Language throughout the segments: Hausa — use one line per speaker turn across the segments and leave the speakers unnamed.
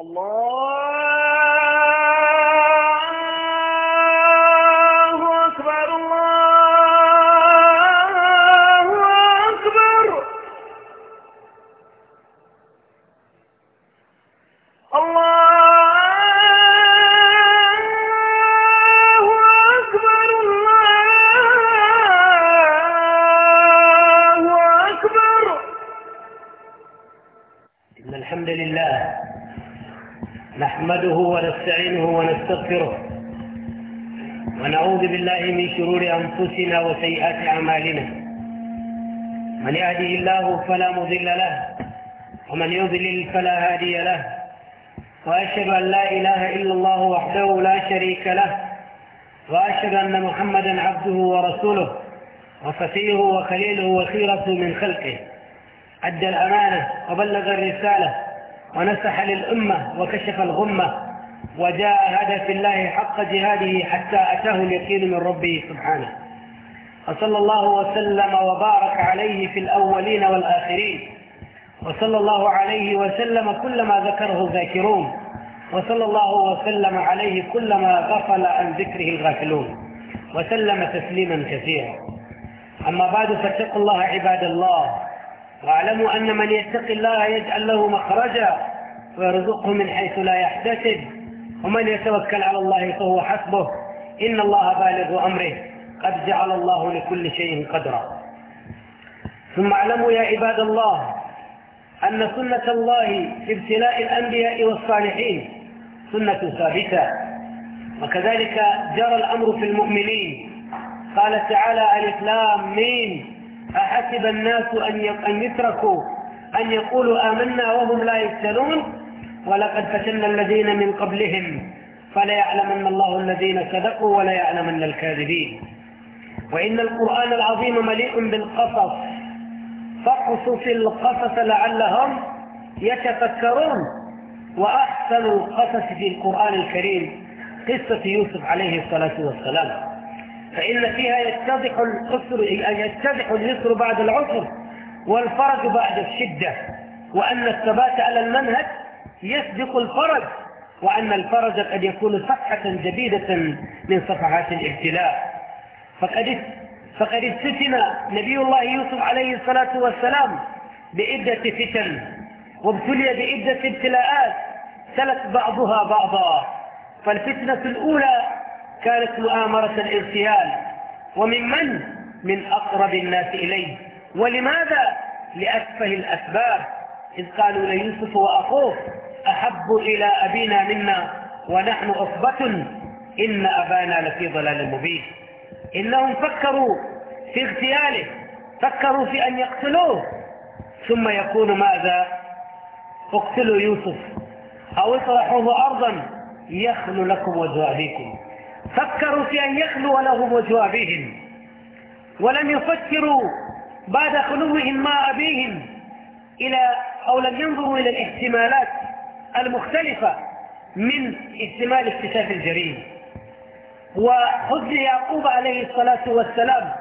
الله أنفسنا وسيئات أعمالنا من يهده الله فلا مضل له ومن يضلل فلا هادي له وأشهد أن لا إله إلا الله وحده لا شريك له وأشهد أن محمدا عبده ورسوله وفتيه وخليله وخيرته من خلقه أدى الأمانة وبلغ الرسالة ونسح للأمة وكشف الغمة وجاء هذا في الله حق جهاده حتى أتاه اليقين من ربه سبحانه وصلى الله وسلم وبارك عليه في الأولين والآخرين وصلى الله عليه وسلم كل ما ذكره ذاكرون وصلى الله وسلم عليه كل ما غفل عن ذكره الغافلون وسلم تسليما كثيرا أما بعد فاتقوا الله عباد الله واعلموا أن من يتق الله يجعل له مخرجا ويرزقه من حيث لا يحتسب ومن يتوكل على الله فهو حسبه إن الله بالغ أمره قد جعل الله لكل شيء قدرا ثم اعلموا يا عباد الله أن سنة الله في ابتلاء الأنبياء والصالحين سنة ثابتة وكذلك جرى الأمر في المؤمنين قال تعالى الإسلام مين أحسب الناس أن يتركوا أن يقولوا آمنا وهم لا يفتنون ولقد فتنا الذين من قبلهم فليعلمن الله الذين صدقوا ولا يعلمن الكاذبين وإن القرآن العظيم مليء بالقصص فاقصص القصص لعلهم يتفكرون وأحسن القصص في القرآن الكريم قصة يوسف عليه الصلاة والسلام فإن فيها يتضح العسر يتضح اليسر بعد العسر والفرج بعد الشدة وأن الثبات على المنهج يسبق الفرج وأن الفرج قد يكون صفحة جديدة من صفحات الابتلاء فقد فقد استثنى نبي الله يوسف عليه الصلاة والسلام بعدة فتن وابتلي بعدة ابتلاءات سلت بعضها بعضا فالفتنة الأولى كانت مؤامرة الاغتيال وممن من أقرب الناس إليه ولماذا لأسفه الأسباب إذ قالوا ليوسف وأخوه أحب إلى أبينا منا ونحن أصبة إن أبانا لفي ضلال مبين إنهم فكروا في اغتياله فكروا في أن يقتلوه ثم يقول ماذا اقتلوا يوسف أو اطرحوه أرضا يخلو لكم وجه أبيكم فكروا في أن يخلو لهم وجه أبيهم ولم يفكروا بعد خلوهم مع أبيهم إلى أو لم ينظروا إلى الاحتمالات المختلفة من احتمال اكتشاف الجريمه وحزن يعقوب عليه الصلاة والسلام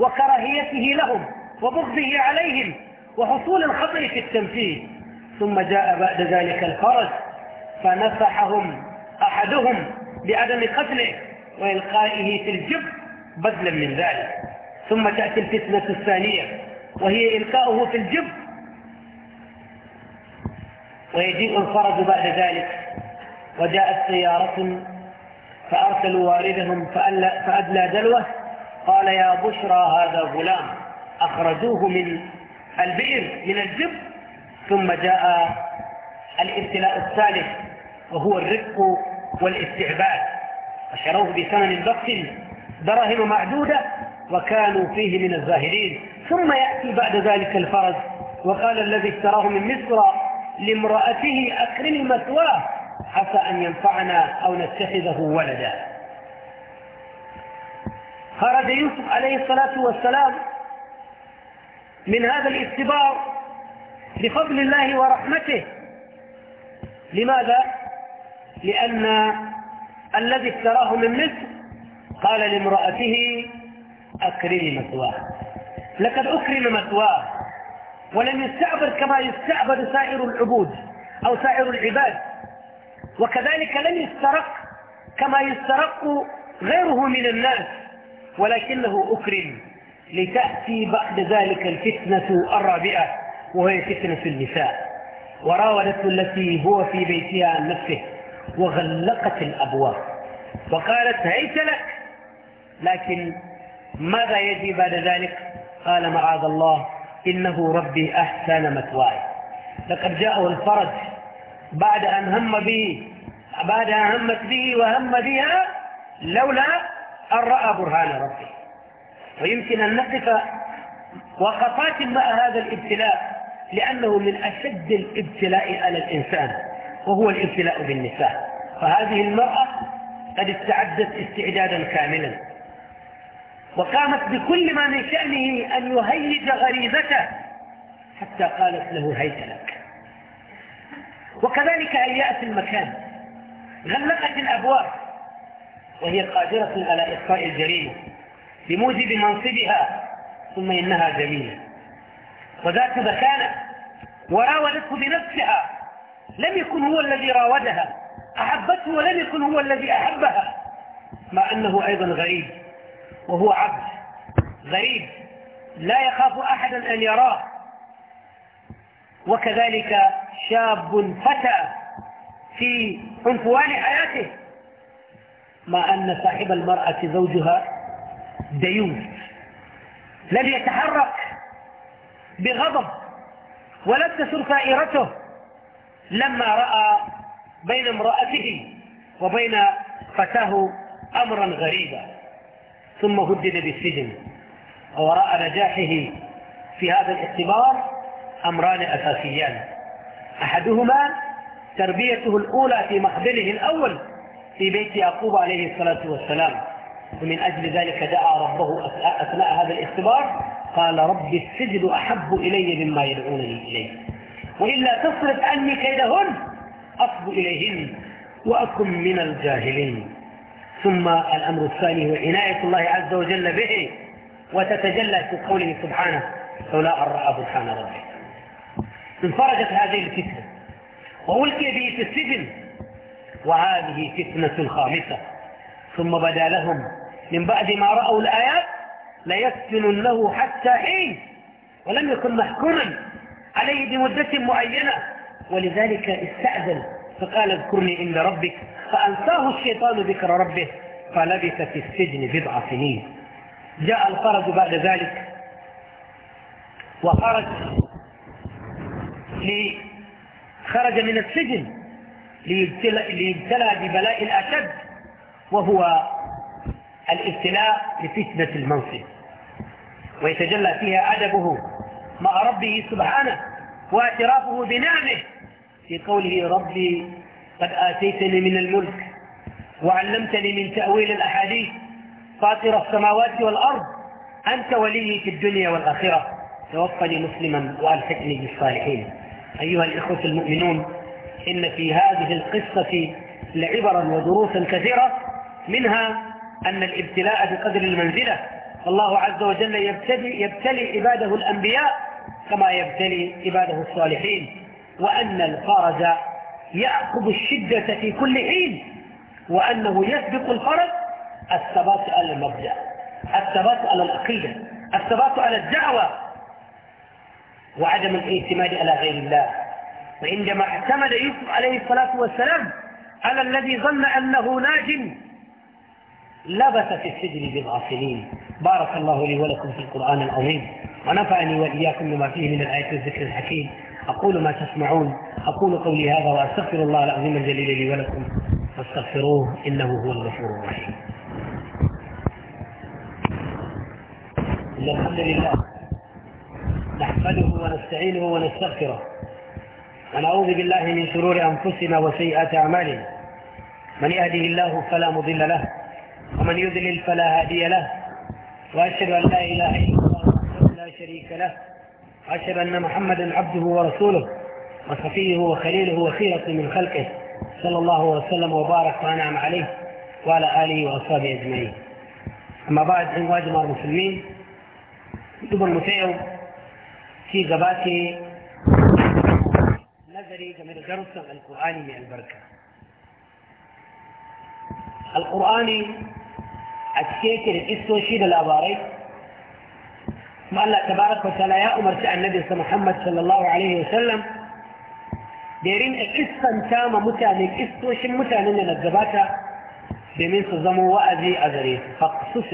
وكراهيته لهم وبغضه عليهم وحصول الخطر في التنفيذ ثم جاء بعد ذلك الفرج فنفحهم أحدهم بعدم قتله وإلقائه في الجب بدلا من ذلك ثم تأتي الفتنة الثانية وهي إلقاؤه في الجب ويجيء الفرج بعد ذلك وجاءت سيارة فأرسلوا واردهم فأدلى دلوه قال يا بشرى هذا غلام أخرجوه من البئر من الجب ثم جاء الابتلاء الثالث وهو الرفق والاستعباد وشروه بثمن بخس دراهم معدودة وكانوا فيه من الزاهدين ثم يأتي بعد ذلك الفرج وقال الذي اشتراه من مصر لامرأته أكرم مثواه عسى أن ينفعنا أو نتخذه ولدا خرج يوسف عليه الصلاة والسلام من هذا الاختبار بفضل الله ورحمته لماذا؟ لأن الذي افتراه من مصر قال لامرأته أكرمي مثواه لقد أكرم مثواه ولم يستعبد كما يستعبد سائر العبود أو سائر العباد وكذلك لم يسترق كما يسترق غيره من الناس ولكنه أكرم لتأتي بعد ذلك الفتنة الرابعة وهي فتنة النساء وراودته التي هو في بيتها عن نفسه وغلقت الأبواب وقالت هيت لك لكن ماذا يجري بعد ذلك قال معاذ الله إنه ربي أحسن مثواي لقد جاءه الفرج بعد أن هم به بعد أن همت به وهم بها لولا أن رأى برهان ربه ويمكن أن نقف وقفات مع هذا الابتلاء لأنه من أشد الابتلاء على الإنسان وهو الابتلاء بالنساء فهذه المرأة قد استعدت استعدادا كاملا وقامت بكل ما من شأنه أن يهيج غريزته حتى قالت له هيت لك وكذلك أياء المكان غلقت الأبواب وهي قادرة على إخفاء الجريمة بموجب منصبها ثم إنها جميلة وذات مكانة وراودته بنفسها لم يكن هو الذي راودها أحبته ولم يكن هو الذي أحبها مع أنه أيضا غريب وهو عبد غريب لا يخاف أحدا أن يراه وكذلك شاب فتى في عنفوان حياته مع أن صاحب المرأة زوجها ديوث لم يتحرك بغضب ولم تسر فائرته لما رأى بين امرأته وبين فتاه أمرا غريبا ثم هدد بالسجن ووراء نجاحه في هذا الاختبار أمران أساسيان أحدهما تربيته الأولى في مخبره الأول في بيت يعقوب عليه الصلاة والسلام ومن أجل ذلك دعا ربه أثناء هذا الاختبار قال رب السجد أحب إلي مما يدعونني إليه وإلا تصرف عني كيدهن أصب إليهن وأكن من الجاهلين ثم الأمر الثاني هو عناية الله عز وجل به وتتجلى في قوله سبحانه لولا أن رأى سبحان ربه انفرجت هذه الفتنة وألقي به في السجن وهذه فتنة الخامسة ثم بدا لهم من بعد ما رأوا الآيات ليسجننه حتى حين ولم يكن محكوما عليه بمدة معينة ولذلك استأذن فقال اذكرني عند ربك فأنساه الشيطان ذكر ربه فلبث في السجن بضع سنين جاء الفرج بعد ذلك وخرج خرج من السجن ليبتلى, ليبتلى ببلاء الأشد وهو الابتلاء لفتنة المنصب ويتجلى فيها أدبه مع ربه سبحانه واعترافه بنعمه في قوله ربي قد آتيتني من الملك وعلمتني من تأويل الأحاديث فاطر السماوات والأرض أنت ولي في الدنيا والآخرة توفني مسلما وألحقني بالصالحين أيها الإخوة المؤمنون إن في هذه القصة لعبرا ودروسا كثيرة منها أن الابتلاء بقدر المنزلة الله عز وجل يبتلي, يبتلي عباده الأنبياء كما يبتلي عباده الصالحين وأن الفرج يأخذ الشدة في كل حين وأنه يسبق الفرج الثبات على المبدأ الثبات على العقيدة الثبات على الدعوة وعدم الاعتماد على غير الله وعندما اعتمد يوسف عليه الصلاة والسلام على الذي ظن أنه ناج لبث في السجن بالغافلين بارك الله لي ولكم في القرآن العظيم ونفعني وإياكم بما فيه من الآية والذكر الحكيم أقول ما تسمعون أقول قولي هذا وأستغفر الله العظيم الجليل لي ولكم فاستغفروه إنه هو الغفور الرحيم الحمد لله نحمده ونستعينه ونستغفره ونعوذ بالله من شرور أنفسنا وسيئات أعمالنا من يهده الله فلا مضل له ومن يذلل فلا هادي له وأشهد أن لا إله إلا الله لا شريك له وأشهد أن محمدا عبده ورسوله وصفيه وخليله وخيرة من خلقه صلى الله وسلم وبارك وأنعم عليه وعلى آله وأصحابه أجمعين أما بعد عن واجب المسلمين دبر متعب ci gaba ce nazari game da darussan alkur'ani mai albarka alkur'ani a cike yake da istoshi da labarai kuma Allah tabaraka ta'ala ya umarci annabinsa Muhammad sallallahu alaihi wasallam da ya rinka kissanta ma mutane kistoshin mutanen da na gabata domin su zamo wa'azi a gare su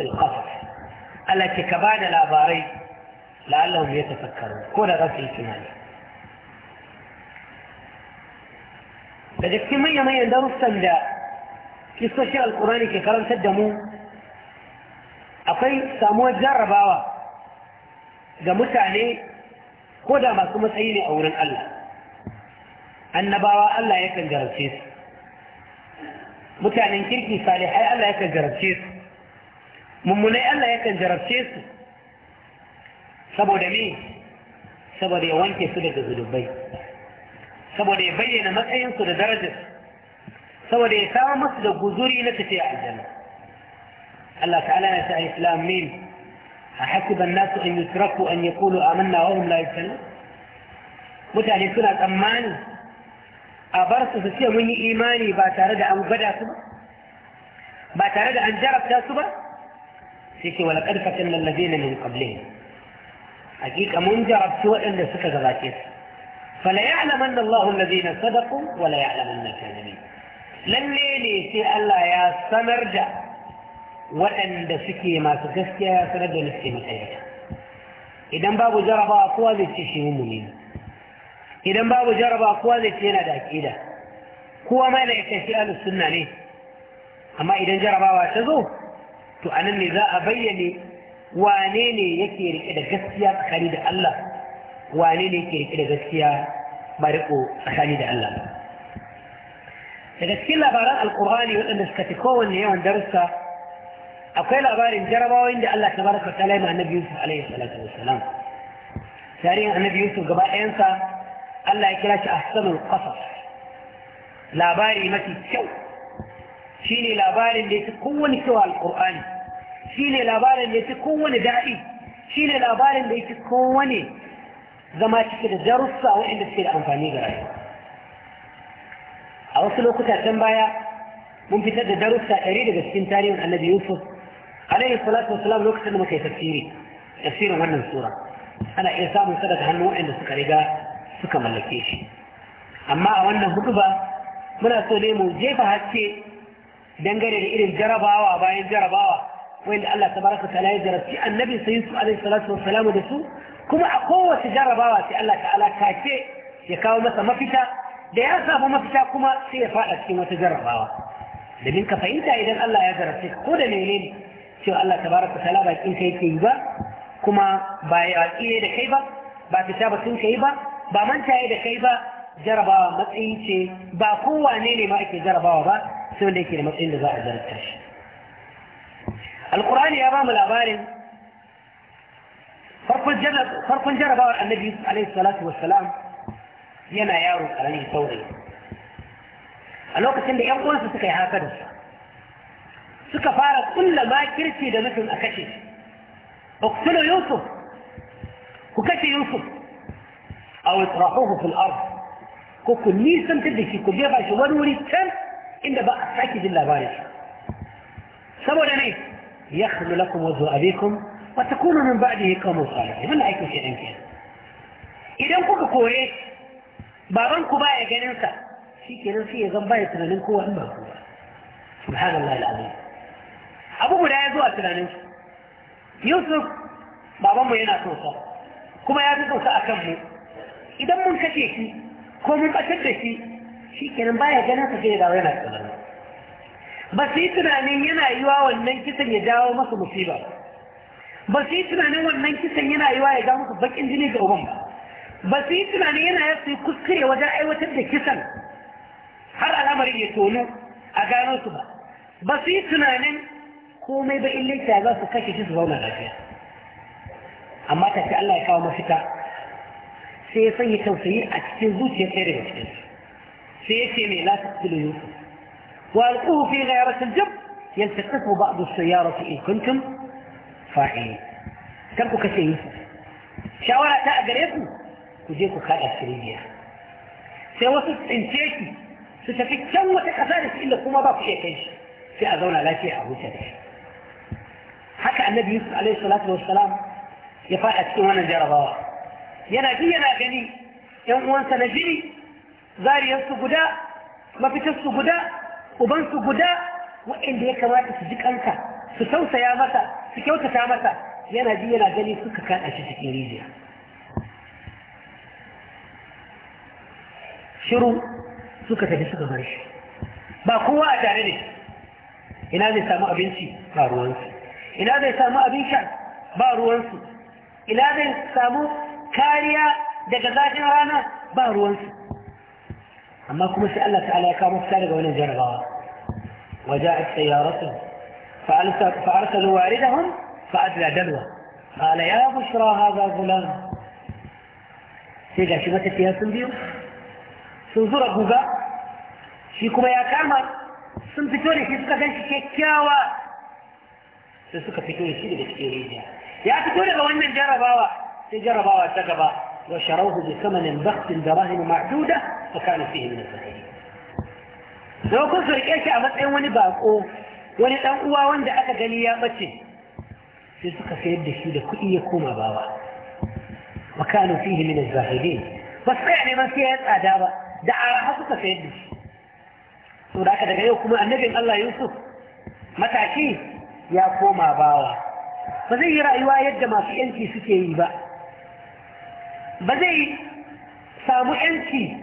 ka ba da labarai لعلهم يتفكرون كل غفل كمالي بعد كمية ما يندروا السمداء في الصشاء القرآني كي كرم سدمو أقي سامو الزار رباوة دموت عني خدا ما سمو سيني أولا الله النباوة الله يكن جرب شيس متعني كيركي صالحي الله يكن جرب شيس ممني الله يكن جرب شيس saboda me saboda ya wanke su daga zulubai saboda ya bayyana matsayinsu da darajar saboda ya samu masu da guzuri na tafiya aljanna Allah ta'ala ya sa islam min a hasiban nasu an yutraku an yakulu amanna wa hum la yaftanun mutane suna tsammani a bar su su ce mun yi imani ba tare da an gwada su ba ba tare da an jarabta su ba sai ke wala fatan lallabe na min qablihim حقيقة منجرب سوء إلا سكة غاكس فلا يعلم أن الله الذين صدقوا ولا يعلم أن الكاذبين لن لي لي الله يا سمرجع وأن دسكي ما سكستيا سنجو من مخيرك إذا باب جرب أقوى ذي تشي ممنين إذا باب جرب أقوى ذي تينا داك إذا هو ما لا يكفي أهل السنة ليه أما إذا جرب أقوى تو أنا النذاء بيني wane ne yake rike da gaskiya tsakani da Allah wane ne yake rike da gaskiya ba riko tsakani da Allah daga cikin labaran alkur'ani waɗanda suka fi kowanne yawan darussa akwai labarin jarabawoyin inda Allah ta tabaraka ta laima annabi Yusuf alaihi salatu wassalam tarihin annabi Yusuf gaba ɗayansa Allah ya kira shi ahsanul qasas labari mafi kyau shine labarin da ya fi kowanne kyau alkur'ani shi ne labarin da ya fi kowane daɗi shi ne labarin da ya fi kowane zama cike da darussa waɗanda suke da amfani ga rayuwa a wasu lokuta can baya mun fitar da darussa ɗari daga cikin tarihin annabi yusuf alaihi salatu wasalam lokacin da muka yi tafsiri tafsirin wannan sura ana iya samun sadaka hannu hannun waɗanda suka riga suka mallake shi amma a wannan ba muna so ne mu jefa haske dangane da irin jarabawa bayan jarabawa wanda Allah tabaraka ta'ala ya jarabci annabi sai su alaihi salatu wassalamu da su kuma a kowace jarabawa sai Allah ta'ala kake ya kawo masa mafita da ya samu mafita kuma sai ya fada cikin wata jarabawa domin ka fahimta idan Allah ya jarabce ko da menene cewa Allah tabaraka ta'ala ba kin kai ka yi ba kuma ba ya kiye da kai ba ba fita ba sun kai ba ba manta da kai ba jarabawa matsayi ce ba kowane ne ma ake jarabawa ba sai wanda yake da matsayin da za a jarabta shi القرآن يا رام الأبارم فرق الجنة فرق الجنة بار النبي عليه الصلاة والسلام ينا يا رب عليه الصوري الوقت اللي يقول سكى هذا سكى فارق كل ما كرسي دمث أكشي اقتلوا يوسف وكشي يوسف أو اطرحوه في الأرض كل نيسم تدي في كل جبهة شو ونوري كم إن بقى ساكت إلا بارش سبوا لنيه يخل لكم وجه أبيكم وتكونوا من بعده قوم صالحين هل أيكم شيء أنك إذا كنت كوري بابان كباية جننسا شيء كنن فيه زنباية تنانين كوا أما كوا سبحان الله العظيم أبو لا يزوى تنانين يوسف بابان مينا توسا كما يابدو سأكمه إذا من كتيكي ko mun ɓatar da shi shi kenan baya ganin ka sai da dawo yana tsaron ba su yi tunanin yana yiwa wannan kisan ya jawo masa musiba ba su yi tunanin wannan kisan yana yiwa ya jawo masa bakin jini ga uban ba su yi tunanin yana yi su kuskure wajen aiwatar da kisan har al'amarin ya tonu a gano su ba ba su yi tunanin komai ba in ta za su kashe shi su zauna lafiya amma ta ce Allah ya kawo mafita sai ya sanya tausayi a cikin zuciyar tsere da cikin sai ya ce mai lasa tsibirin Yusuf وألقوه في غيرة الجب يلتقطه بعض السيارة إن كنتم فاعلين تبقوا كثير شاولا تأجر يكو تجيكو خالة سريبيا سيوصل انتيتي ستفي كم تكفارس إلا كما بقى في إيكيش في أذونا لا شيء او تريش حكى النبي يوسف عليه الصلاة والسلام يفاق أتكوانا جربا ينادي ينادي يوم وانت نجري ذاري يصبو ما في تصبو ubansu guda waɗanda ya kamata su ji kanka su tausaya masa su kyautata masa yana ji yana gani suka kaɗa shi cikin rijiya shiru suka tafi suka bar shi ba kowa a tare da shi ina zai samu abinci ba ruwansu ina zai samu abin sha ba ruwansu ina zai samu kariya daga zafin rana ba ruwansu amma kuma sai Allah ta'ala ya kawo mafita daga wannan jarabawa وجاءت سيارته فأرسلوا واردهم فأدلى دلوة قال يا بشرى هذا غلام سيقا شبت فيها سنديو سنزور أبوغا شيكما يا كامل سنفتوري سيسكا جنشي كيكاوا سيسكا فتوري سيدي بكتوري يا يا فتوري غوان من جرباوا سيجرباوا تقبا وشروه بثمن بخت دراهم معدودة فكان فيه من الزهرين don kun surke shi a matsayin wani bako wani dan uwa wanda aka gani ya bace sai suka sayar da shi da kuɗi ya koma bawa wa fihi min az-zahidin ba sai ne ba sai tsada ba da arha suka sayar da shi to da aka daga yau kuma annabin Allah Yusuf mataki ya koma bawa ba zai yi rayuwa yadda masu yanci suke yi ba ba zai samu yanci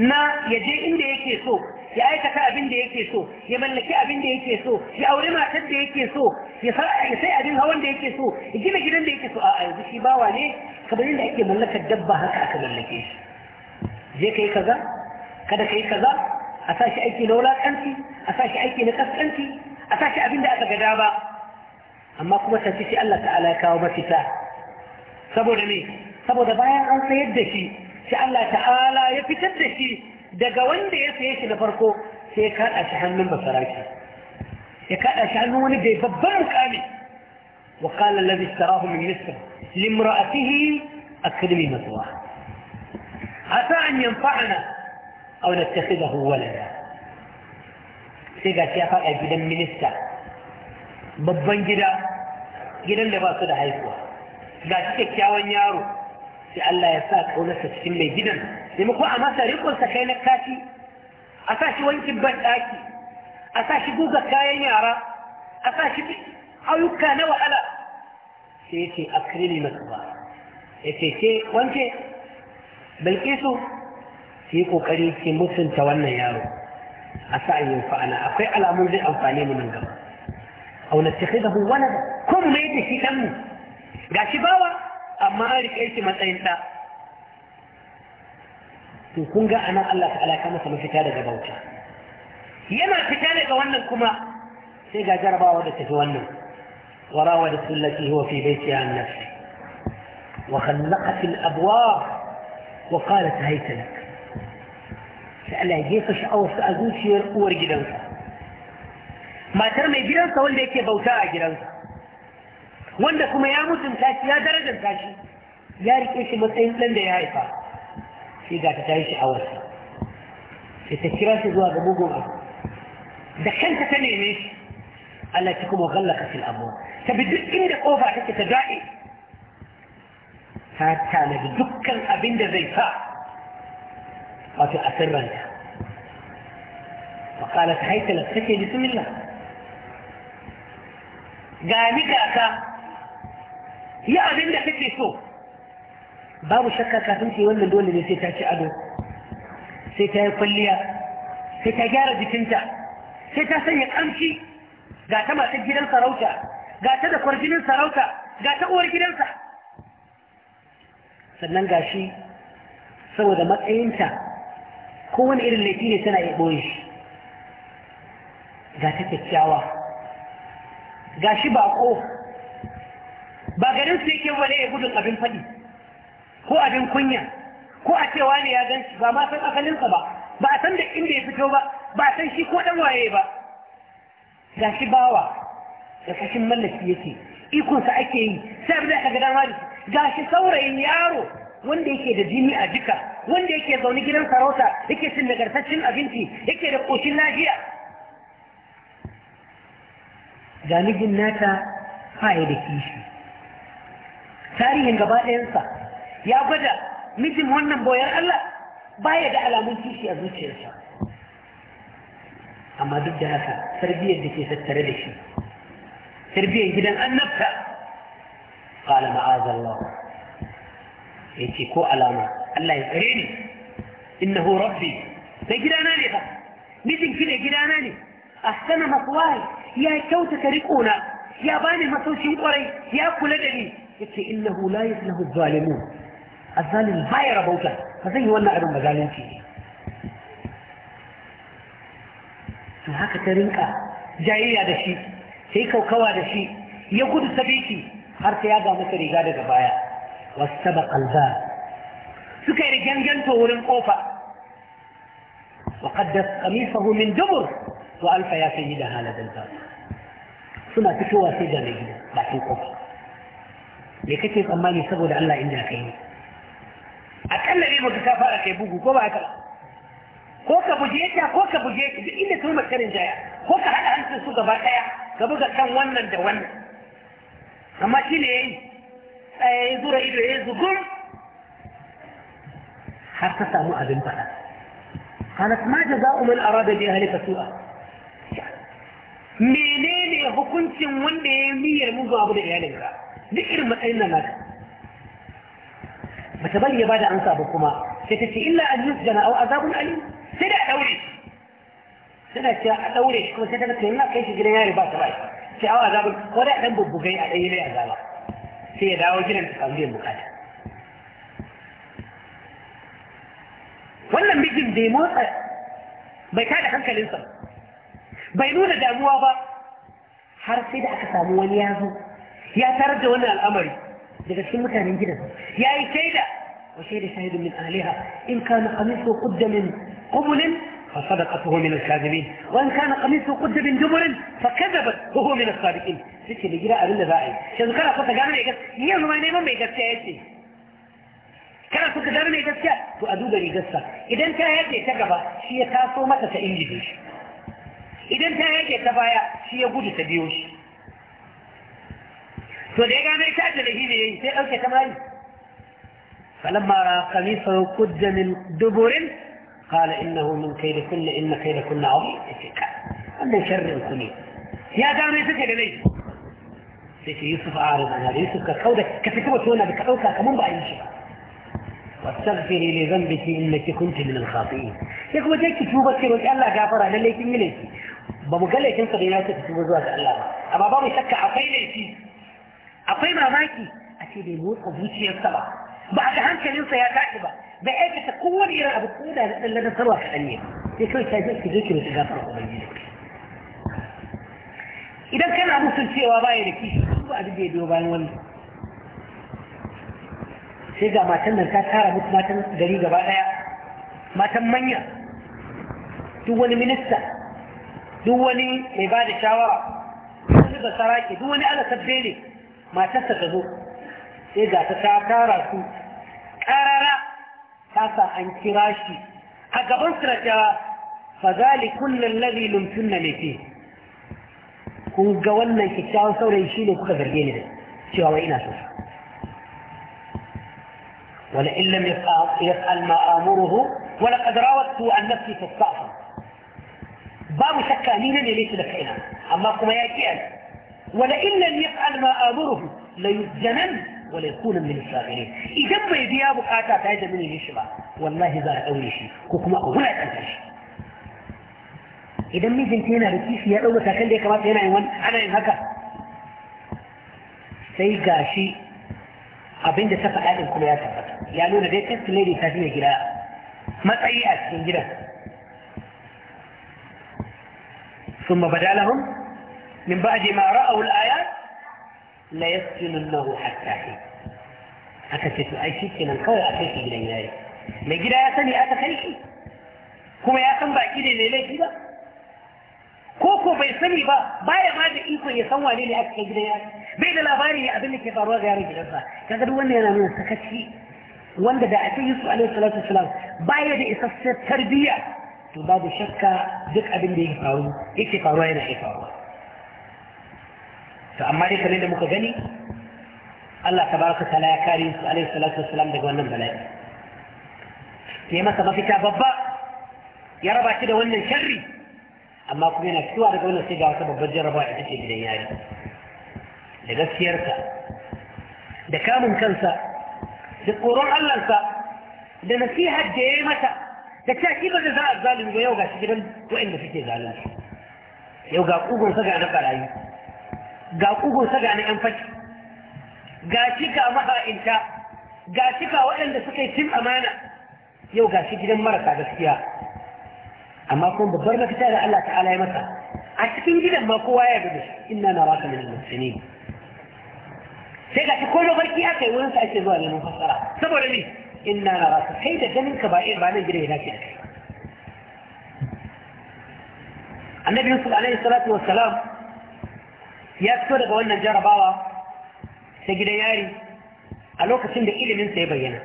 na yaje inda yake so ya aikata abin da yake so ya mallaki abin da yake so ya aure matar da yake so ya sai abin hawan da yake so ya gina gidan da yake so a yanzu shi bawa ne kamar yadda ake mallakar dabba haka aka mallake shi je kai kaza kada kai kaza a sa shi aiki na wulakanci a sa shi aiki na kaskanci a sa shi abin da aka gada ba amma kuma tafi shi Allah ta'ala ya kawo mafita saboda ne saboda bayan an sayar da shi shi Allah ta'ala ya fitar da shi daga wanda ya saye shi na farko sai ya kaɗa shi hannun masaraki ya kaɗa shi hannun wani da babban mukami wa qala allazi istarahu min misr limra'atihi akrimi maswa asa an yanfa'ana aw nattakhidahu walada sai ga ya faɗa gidan minista babban gida gidan da ba su da haihuwa ga shi kyakkyawan yaro sai Allah ya sa kaunarsa cikin mai gidan taimako a masa rikonsa kai na kashi a sa shi wankin banɗaki a sa shi guga kayan yara a sa shi ayyuka na wahala sai yake akrini masa ba ce ke wanke bilkisu ki yi kokari ki mutunta wannan yaro a sa an fa'ana akwai alamun zai amfani mu nan gaba au nattakhidahu walada kun mai da shi dan mu shi bawa amma an rike shi matsayin ɗa. to kun ga anan Allah ta'ala ka masa mafita daga bauta yana fita daga wannan kuma sai ga jarabawa da tafi wannan وراودته التي هو في بيتها عن نفسه وغلقت الابواب وقالت هيت لك سألها جيفش أو سأزوشير أور جدنسا ما ترمي جدنسا ولا يكي بوتاء جدنسا wanda kuma ya mutunta shi ya darajar shi ya rike shi matsayin ɗan da ya haifa sai ga ta tayi sha'awarsa sai ta kira shi zuwa ga mugun abu da kanta ta neme shi Allah ta kuma gallaka fil abu ta bi duk inda kofa take ta da'i ta tanadi dukkan abin da zai sa wato a sirranta وقالت هيت لك تكي بسم الله ga ni gasa yi abin da kake so babu shakka kafin ta yi wannan dole ne sai ta ci ado sai ta yi kwalliya sai ta gyara jikinta sai ta sanya ƙamshi ga ta masu gidan sarauta ga ta da kwarginin sarauta ga ta uwar gidansa sannan ga shi saboda matsayinta kowane irin laifi ne tana yi ɓoye ga ta kyakkyawa ga shi ba ko ba garin su yake wale ya gudun abin faɗi ko abin kunya ko a cewa ne ya ganci ba ma san asalinsa ba ba a san da inda ya fito ba ba a san shi ko dan waye ba ga shi bawa da kashin mallaki yake ikonsa ake yi sai abin da aka ga dama ga shi saurayin yaro wanda yake da jini a jika wanda yake zaune gidan sarauta yake cin nagartaccen abinci yake da ƙoshin lafiya ga mijin nata faye da kishi tarihin gaba ɗayansa ya gwada mijin wannan boyar Allah baya da alamun kishi a zuciyarsa amma duk da haka tarbiyyar da ke tattare da shi tarbiyyar gidan annabta qala ma'azallah yace ko alama Allah ya tsare ni innahu rabbi sai gidana ne fa mijin ki ne gidana ne ahsana maswai ya kyautata riƙona ya bani masaukin kwarai ya kula da ni yace innahu la yuflihu zalimun azzalimi baya rabauta ba zai yi wannan abin ba zalunci ne to haka ta rinka jayayya da shi sai kaukawa da shi ya gudu ta biki har ta yaga masa riga daga baya wasu taba kalba suka yi riganganto wurin kofa wa qaddas qamisahu min dubur wa alfa ya sayyida da ta suna fitowa sai da gida bakin kofa me kake tsammani saboda Allah inda kai ne akalla ne baka ka fara kai bugu ko ba haka ko ka buje ta ko ka buje ta duk inda kai makarin jaya ko ka haɗa hancin su gaba ɗaya ka buga kan wannan da wannan amma shi ne yayi ya zura ido ya zugur har ta samu abin faɗa قالت ما جزاء من أراد بأهلك سوءا menene hukuncin wanda ya miyar mugu abu da iyalinka duk irin matsayin nan naka متبلي بعد أن سابقكما ستتي إلا أن يسجن أو أذاب أليم سنة دولي سنة دولي كما ستنا كلمة كيش جنيا رباط رأي في أو أذاب ولا أن ببغي أي لي أذاب في دعوة جنة تقامل المكاتب wannan mijin bai motsa bai kada hankalinsa bai nuna damuwa ba har sai da aka samu wani yazo ya tarar da wannan يا كيدا وشير شهيد من أهلها إن كان قميصه قد من قبل فصدقته وهو من الكاذبين وإن كان قميصه قد من جبل فكذبت وهو من الصادقين لكي بجراء بالله باعي كان قصة قامل يقول يا ما ينام ما يقول سيأتي kana so ka gano mai gaskiya to إذا أنت rigarsa idan ta yake متى gaba shi ya taso mata ta injige shi idan ta yake ta baya shi ya فلما رأى قميصه قد من دبر قال إنه من كيد كل إن كيد كل عظيم أن شر الكنين يا دار يسجد إليه سيدي يوسف أعرض عن هذا يوسف ككودة كتكوة هنا بكأوكا كمون بأي شيء واستغفري لذنبك إنك كنت من الخاطئين يا كما تشوف كتوبة كيرو الله كافر أنا ليك من ليك بمقال ليك أنت غيرها تشوف زواج الله أما بابا يشكى عطيني ليك أقيل ما ماكي أكيد يموت وبوتي السبع بعد عام كان يا رعبة بحيث تقول إلى أبو قولة اللي نصروا في عنيه يكوي تاجئك ذكر وتجاف إذا كان أبو سلسي وابايا لكي شو أبو بيد وابايا ولا سيجا ما تنى الكاتارة بس ما تنى دريقة بايا ما تنى منيا دواني منسة دواني عبادة شاورة دواني أنا سبيلي ما تنسى تقول sai ga ta ta tara su ƙarara ta sa an kira shi a gaban sirata fa zali kullum lazi lumtun na mefe kun ga wannan kyakkyawan saurayi shi ne kuka zarge ni da cewa wai ina so wala illam yas'al ma amuruhu wala qad rawattu an nafsi tastafa babu shakka ni ne ne laifi da kaina amma kuma ya ki wala illam yas'al ma amuruhu la yujjanan وليكون من الصاغرين إذن بيدي أبو قاتا تعيد مني نشبع والله ذا أول شيء كوكما أولا تنتج إذا من زنتين أبتيس يا أولا تخلي كمات هنا عيوان على إنهكا سيقى شيء أبين دسفة آدم كما ياسفة يعلون ذي كنت ليلي تازمي جلاء ما تأيئت من جلاء ثم بدأ لهم من بعد ما رأوا الآيات لا يسكن الله حتى حين أتكتو أي شيء كنا نقول أتكتو بلا إله ما جرى أتني أتكتو كما يأتن بأكيد ليلي كده كوكو بيسني با باي ما دي إنكو يسوى ليلي أتكتو بلا إله بيد الأباري أبني كفار واغي عربي لبا كذا دواني أنا من أتكتو وانده دا أتي يسوى عليه الصلاة والسلام باي دي إساسة تربية تو باب شكا دك أبني كفارو إكي كفار واغي to amma dai kamar da muka gani Allah baraka ta'ala ya kare su alaihi salatu wassalam daga wannan bala'i ya masa mafita babba ya raba shi da wannan sharri amma kuma yana fitowa daga wannan sai ga wata babbar jarrabawa ita gidan yari da gaskiyarsa da kamun kansa da tsoron Allahnsa da nasihar da ya yi mata da ta shi ba da za a zalimi ba yau ga shi gidan waɗanda suke zalunci yau ga sa ga na ɓarayi ga kugunsa ga ne ‘yan fashi ga shi ga maha'inta ga shi ga waɗanda suka yi cin amana yau ga shi gidan marasa gaskiya amma kuma babbar mafita da Allah ta'ala ya masa a cikin gidan ma kowa ya gudu inna na waka min al-muslimin sai ga shi ko barki aka yi wurin sa ake zuwa neman fassara saboda ni inna na waka kai da ganin ka ba ba nan gidan ya dace da kai annabi yusuf alaihi salatu salam. ya fito daga wannan jarabawa ta gidan yari a lokacin da iliminsa ya bayyana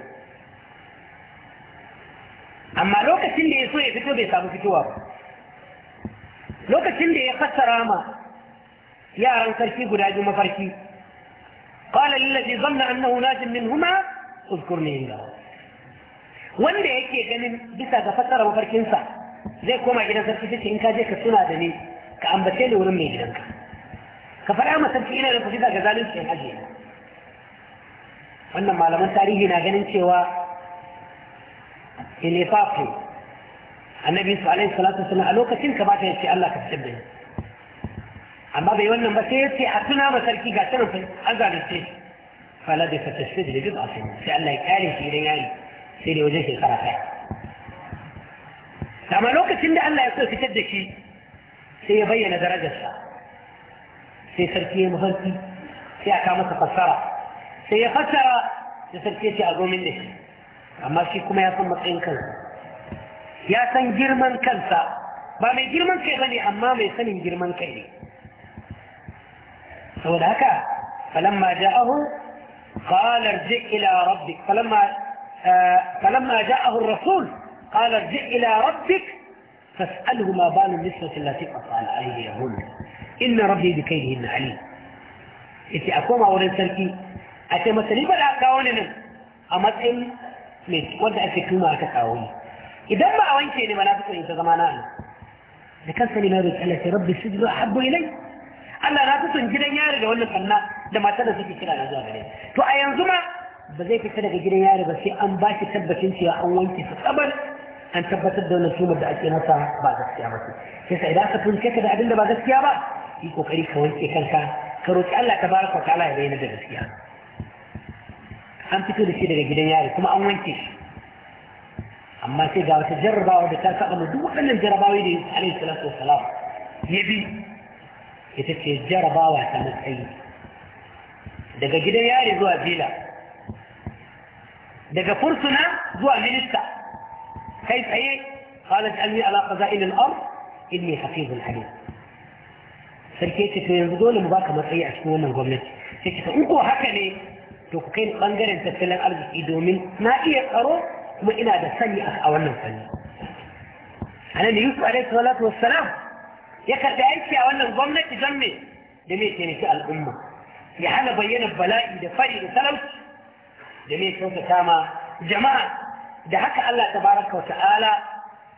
amma lokacin da ya so ya fito bai samu fitowa ba lokacin da ya fassara ma yaran sarki guda biyu mafarki qala lillazi zanna annahu najin minhuma uzkurni inda wanda yake ganin bisa ga fassara mafarkinsa zai koma gidan sarki sai in ka je ka tuna da ni ka ambace ni wurin mai gidanka كفرامة تمشينا لنفسيتها كذلك شيء حاجين وانما لما تاريخنا كانت سوى اللي طافي النبي صلى الله عليه الصلاة والسلام ألوك تلك بعد أن يتي الله كتبه عن بعض يوانا بس يتي أتنا مسلكي كاتنا في أزال يتي فالذي فتشفيد لجد أصيب سأل لك آلي في ريالي سيري وجهك الخرافة لما لوك تلك الله يقول كتبك سيبين درجة الله سي سركيه مهنتي سي احكام متفسرة سي يخسر سي سركيه سي اقوم اما شي كما يصم مطعين كان يا سن جرمان كنسا با مي جرمان كي اما مي سن جرمان كي سو داكا فلما جاءه قال ارجع الى ربك فلما آه فلما جاءه الرسول قال ارجع الى ربك فاسأله ما بال النسوة التي قطع عليه يهون إن ربي بكيده عليم انت إتي أكوما أولا سركي أتي مسليبا لأكاوننا أما تأم ميت وضع سكوما أكاوني إذا ما أوينت إني منافق إنت زمانا لكن سليما يقول ألا في ربي السجد أحب إلي ألا لا إن جدا ياري جولنا فلنا لما تنسي في كلا نزوغ إلي تو أينزوما بزيك السنة جدا ياري بسي أنباتي سبك إنتي في سبك an tabbatar da wannan sumar da ake masa ba gaskiya ba sai sai idan ka tunke ka da abin da ba gaskiya ba yi kokari ka wanke kanka ka roki Allah ta baraka ta Allah ya bayyana da gaskiya an fito da shi daga gidan yari kuma an wanke shi amma sai ga wata jarrabawa da ta saba mu duk waɗannan jarrabawai da Yusuf alaihi salatu wassalam ya bi ita ce jarrabawa ta matsayi daga gidan yari zuwa fila daga fursuna zuwa minista كيف هي قال اجعلني على خزائن الأرض إني حفيظ عليم sarki ce to yanzu dole mu baka matsayi a cikin wannan gwamnati sai ce in haka ne to ku kai bangaren tattalin arziki domin na iya tsaro kuma ina da sani a wannan fanni annabi yusuf alaihi salatu wassalam ya karɓi aiki a wannan gwamnati don me da me taimaki al'umma ya hana bayyana bala'i da fari da talauci da me kyautata ma jama'a da haka Allah tabaraka wa ta'ala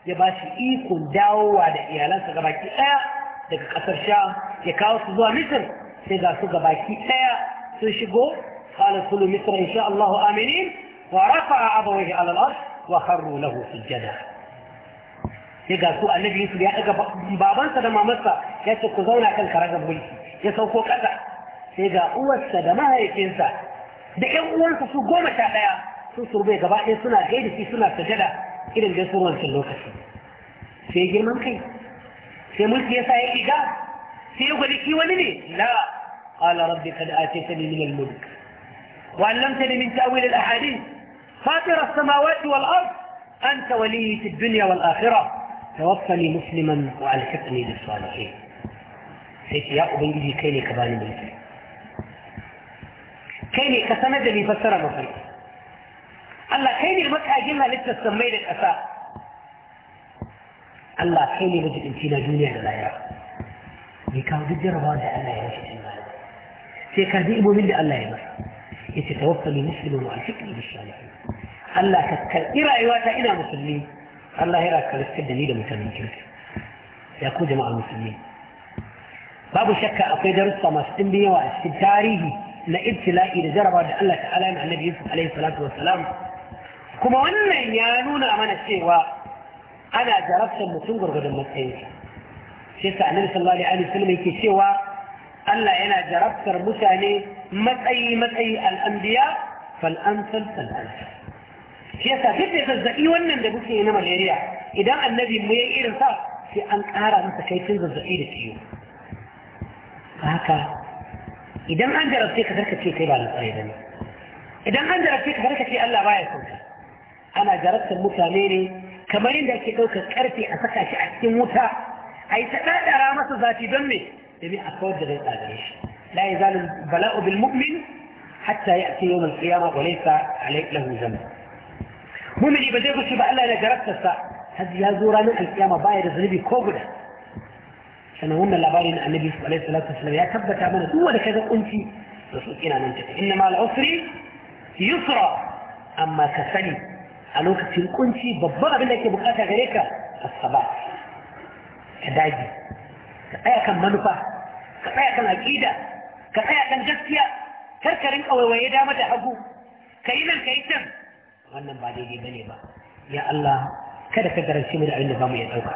ya ba shi ikon dawowa da iyalansa gabaki ɗaya daga ƙasar sha ya kawo su zuwa misir sai ga su gabaki ɗaya sun shigo qala kullu misr insha Allah aminin wa rafa'a abawayhi ala wa kharru lahu sai ga su annabi Yusuf ya daga babansa da mamarsa ya ce ku zauna kan karagar mulki ya sauko kasa sai ga uwarsa da mahaifinsa da ƴan uwansa su goma sha ɗaya sun surbe gaba ɗaya suna gaida shi suna sajada irin gaisuwar wancan lokaci sai girman kai sai mulki ya sa ya ƙiga sai ya gwada shi wani ne la qala rabbi kad ataytani min al-mulk wa 'allamtani min ta'wil al-ahadith fatir as-samawati wal-ard anta waliyyi fi ad-dunya wal-akhirah tawaffani musliman wa alhiqni bis-salihin sai ya ubangiji kai ne ka bani mulki kai ne ka sanar da ni fassara mafarki الله لا حيني بك أجلها لسه سمي لك الله قال لا حيني بجد انتنا جوني على العيار دي كان قد جربها دي أنا يا تيكا دي إمو من دي الله يمر يتي توفل مسلم مع الفكر بالشالح قال لا تتكال إرى إيواتا إنا مسلمين قال لا هيرا كالسكد نيدا متنين كنت يقول جماعة المسلمين باب شك أقيد رصة ما استنبيه واستنتاريه لإبتلاء إذا جربها دي الله تعالى مع النبي يوسف عليه الصلاة والسلام kuma wannan ya nuna mana cewa ana jarabtar mutum gwargwadon matsayinsa shi sa annabi sallallahu alaihi wasallam yake cewa Allah yana jarabtar mutane matsayi matsayi al-anbiya fal amsal fal amsal shi yasa duk da zazzabi wannan da muke na malaria idan annabi mu yayi irin sa sai an ƙara masa kaifin zazzabi da ciwo haka idan an jarabce ka karkace kai ba na tsaye bane idan an jarabce ka karkace Allah baya son ka ana jarabtar mutane ne kamar yadda ake ɗaukar ƙarfe a saka shi a cikin wuta a yi ta ɗaɗara masa zafi don me domin a kawar da zai tsagare shi la ya zalin bala'u bil mu'min hatta ya ce yau mai tsiyama wa laisa alaik lahu zama mumini ba zai gushi ba Allah ya jarabtarsa har ya zo ranar alkiyama baya da zunubi ko guda sannan wannan labarin annabi alaihi salatu wasallam ya tabbata mana duk wanda kaga kunci da su kina nan take inna ma al-usri yusra amma ka sani a lokacin kunci babban abin da ke bukata gare ka asaba ka dage ka tsaya kan manufa ka tsaya kan aƙida ka tsaya kan gaskiya karkarin kawaiwaye dama da hagu ka yi nan ka yi can wannan ba daidai bane ba ya Allah kada ka garanci mu da abin da ba mu ya dauka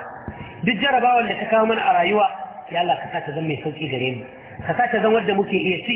duk jarabawar da ta kawo mana a rayuwa ya Allah ka sa ta zama mai sauƙi gare mu ka sa ta zama wadda muke iya ci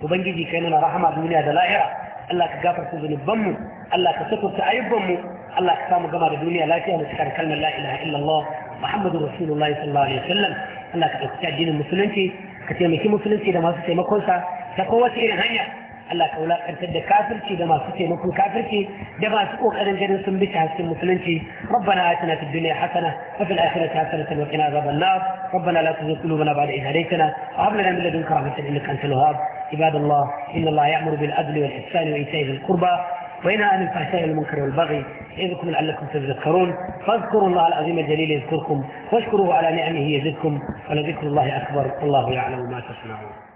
ubangiji kai mana rahama duniya da lahira Allah ka gafarta zunubanmu Allah ka sukurta ayyubanmu Allah ka samu gama da duniya lafiya da cikar kalmar la ilaha illallah Muhammadu Rasulullah sallallahu alaihi wasallam Allah ka ɗauki addinin musulunci ka taimaki musulunci da masu taimakonsa ta kowace irin hanya Allah ka wulakantar da kafirci da masu taimakon kafirci da masu kokarin ganin sun bi hasken musulunci rabbana atina fid dunya hasana wa fil akhirati hasanatan wa qina adhaban nar rabbana la tuzigh qulubana ba'da idh hadaytana wa hab lana min ladunka rahmatan innaka antal عباد الله إن الله يأمر بالعدل والإحسان وإيتاء ذي القربى وينهى عن الفحشاء والمنكر والبغي يعظكم لعلكم تذكرون فاذكروا الله العظيم الجليل يذكركم واشكروه على نعمه يزدكم ولذكر الله أكبر والله يعلم ما تصنعون